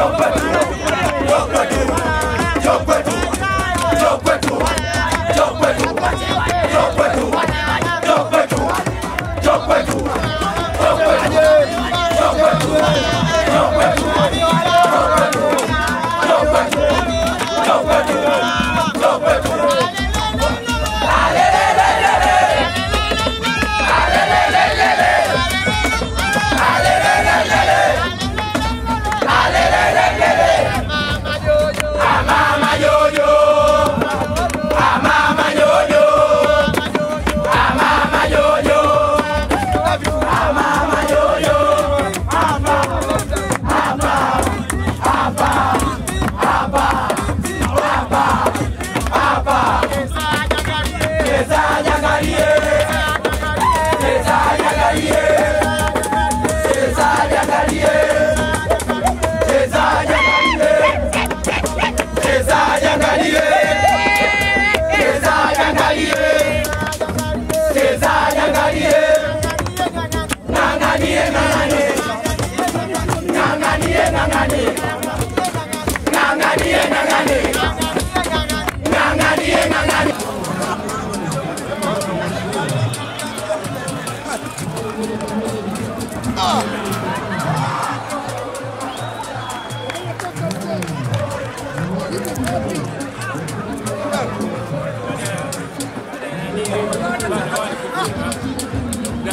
Don't p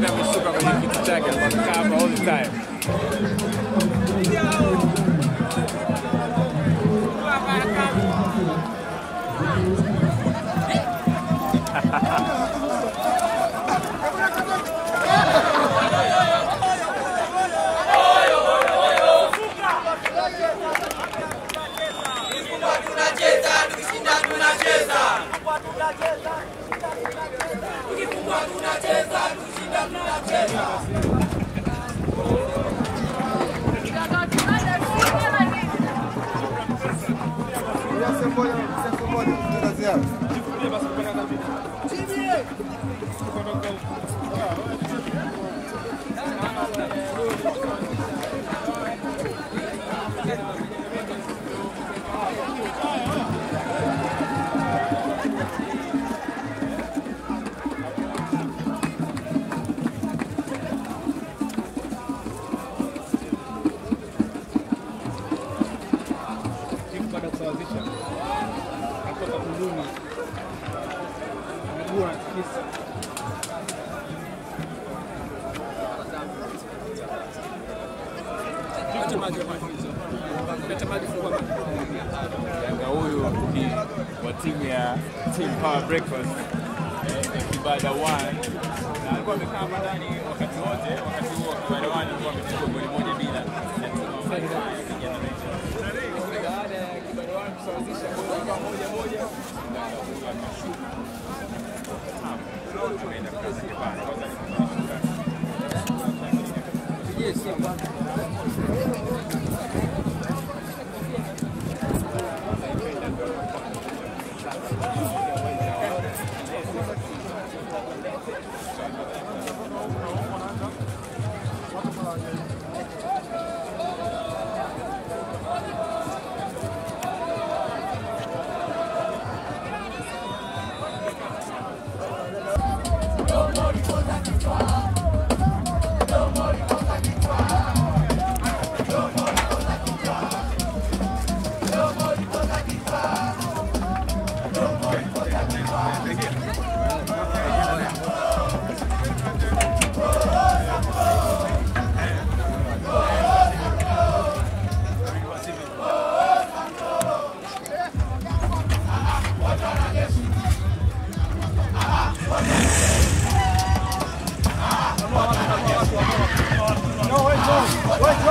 never shook up when you keep checking, but the cop all the time. Tunacheza, tunacheza, tunacheza, Dziękuję bardzo. Team ya Team Power Breakfast kibada you na the one alikuwa amechukua goli moja bila baada ya one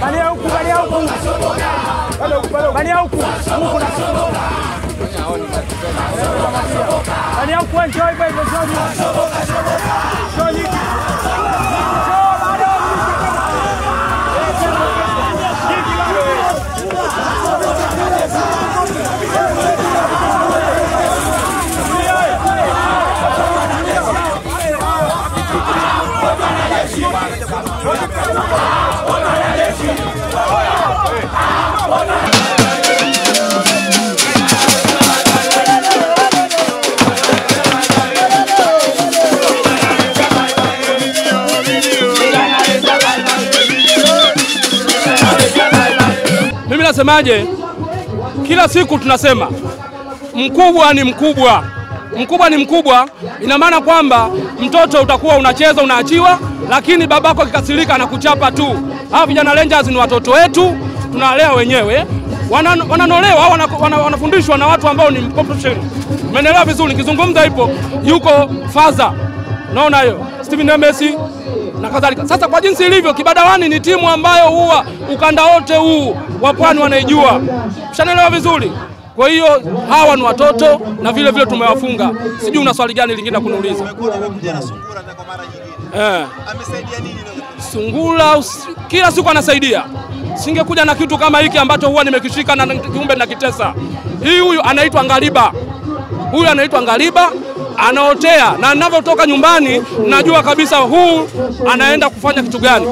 Balia huku, balia huku. Balia huku. Huku na Balia huku enjoy baby, enjoy. nasemaje, kila siku tunasema mkubwa ni mkubwa, mkubwa ni mkubwa. Ina maana kwamba mtoto utakuwa unacheza unaachiwa, lakini babako akikasirika anakuchapa tu. Hawa vijana Rangers ni watoto wetu, tunawalea wenyewe wananolewa wana wana, wanafundishwa na watu ambao ni competition. Umeelewa vizuri? Nikizungumza ipo yuko faza, naona hiyo Steven Messi na kadhalika. Sasa kwa jinsi ilivyo, Kibadawani ni timu ambayo huwa ukanda wote huu wa pwani wanaijua, shanaelewa vizuri. Kwa hiyo hawa ni watoto na vile vile tumewafunga. Sijui una swali gani lingine kuniuliza? Eh. Amesaidia nini? Sungura kila siku anasaidia. Singekuja na kitu kama hiki ambacho huwa nimekishika na kiumbe na kitesa. Hii huyu anaitwa ngariba, huyu anaitwa ngariba anaotea, na ninavyotoka nyumbani najua kabisa huu anaenda kufanya kitu gani.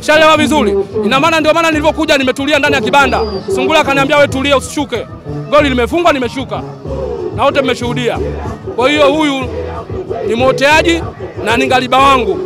Shaelewa vizuri, ina maana ndio maana nilivyokuja nimetulia ndani ya kibanda. Sungula akaniambia wewe, tulia usishuke. Goli limefungwa, nimeshuka na wote mmeshuhudia. Kwa hiyo huyu ni mwoteaji na ningaliba wangu.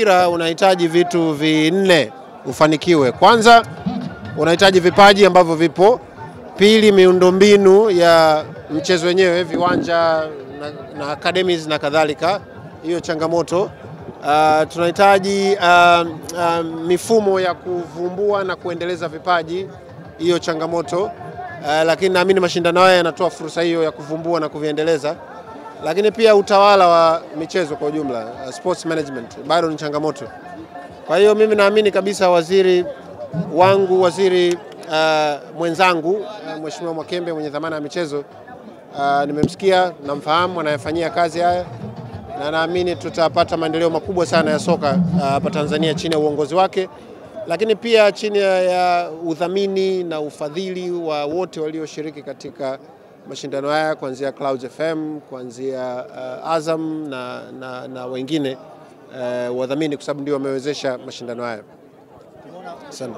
mpira unahitaji vitu vinne ufanikiwe. Kwanza unahitaji vipaji ambavyo vipo, pili miundombinu ya mchezo wenyewe, viwanja na, na academies na kadhalika, hiyo changamoto. Uh, tunahitaji uh, uh, mifumo ya kuvumbua na kuendeleza vipaji, hiyo changamoto. Uh, lakini naamini mashindano haya yanatoa fursa hiyo ya kuvumbua na kuviendeleza lakini pia utawala wa michezo kwa ujumla, uh, sports management bado ni changamoto. Kwa hiyo mimi naamini kabisa waziri wangu, waziri uh, mwenzangu uh, Mheshimiwa Mwakembe mwenye dhamana ya michezo uh, nimemsikia, namfahamu anayefanyia kazi haya na naamini tutapata maendeleo makubwa sana ya soka uh, hapa uh, Tanzania chini ya uongozi wake, lakini pia chini ya udhamini na ufadhili wa wote walioshiriki katika mashindano haya kuanzia Clouds FM, kuanzia uh, Azam na, na, na wengine uh, wadhamini kwa sababu ndio wamewezesha mashindano haya sana.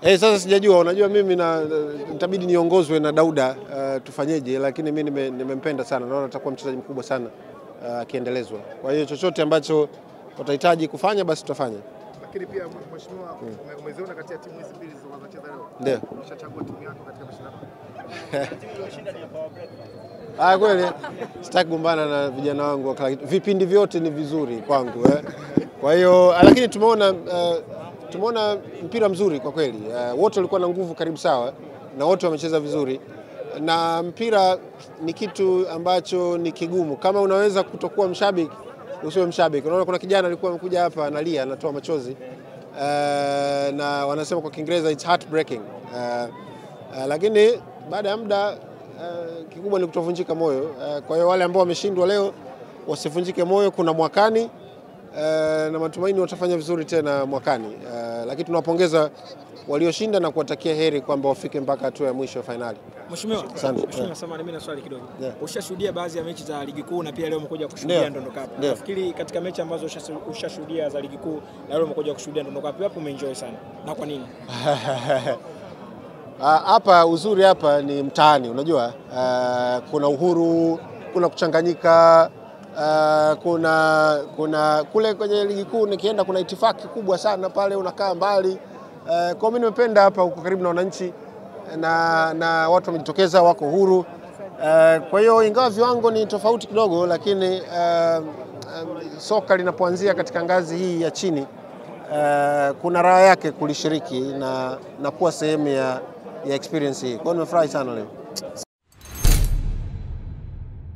Hey, eh, sasa sijajua, unajua mimi na nitabidi niongozwe na Dauda uh, tufanyeje, lakini mi nimempenda sana, naona atakuwa mchezaji mkubwa sana uh, akiendelezwa. Uh, Kwa hiyo chochote ambacho watahitaji kufanya basi tutafanya. Lakini pia mheshimiwa, hmm. umeziona kati ya timu hizi mbili zinazocheza leo, ndio umeshachagua timu yako katika mashindano Ah, kweli sitaki kugombana na vijana wangu, vipindi vyote ni vizuri kwangu eh. Kwa hiyo lakini tumeona uh, tumeona mpira mzuri kwa kweli uh, wote walikuwa na nguvu karibu sawa na wote wamecheza vizuri na mpira ni kitu ambacho ni kigumu. Kama unaweza kutokuwa mshabiki usiwe mshabiki. Unaona, kuna kijana alikuwa amekuja hapa analia, anatoa machozi uh, na wanasema kwa Kiingereza it's heartbreaking uh, uh, lakini baada ya muda uh, kikubwa ni kutovunjika moyo. Uh, kwa hiyo wale ambao wameshindwa leo wasivunjike moyo, kuna mwakani uh, na matumaini watafanya vizuri tena mwakani uh, lakini tunawapongeza walioshinda na kuwatakia heri kwamba wafike mpaka hatua ya mwisho ya fainali. Mheshimiwa, Mheshimiwa Samani, mimi na swali kidogo. Yeah. Ushashuhudia baadhi ya mechi za ligi kuu na pia leo umekuja kushuhudia yeah. Ndondo Cup. Yeah. Nafikiri katika mechi ambazo ushashuhudia za ligi kuu na leo umekuja kushuhudia Ndondo Cup, wapi umeenjoy sana na kwa nini? Ah, hapa uzuri hapa ni mtaani, unajua uh, kuna uhuru, kuna kuchanganyika Uh, kuna, kuna kule kwenye ligi kuu nikienda kuna itifaki kubwa sana pale, unakaa mbali Eh, kwa mimi nimependa hapa huko karibu na wananchi eh, na, na watu wamejitokeza wako huru. Uh, kwa hiyo ingawa viwango ni tofauti kidogo, lakini uh, um, soka linapoanzia katika ngazi hii ya chini uh, kuna raha yake kulishiriki na, na kuwa sehemu ya, ya experience hii. Kwa hiyo nimefurahi sana leo.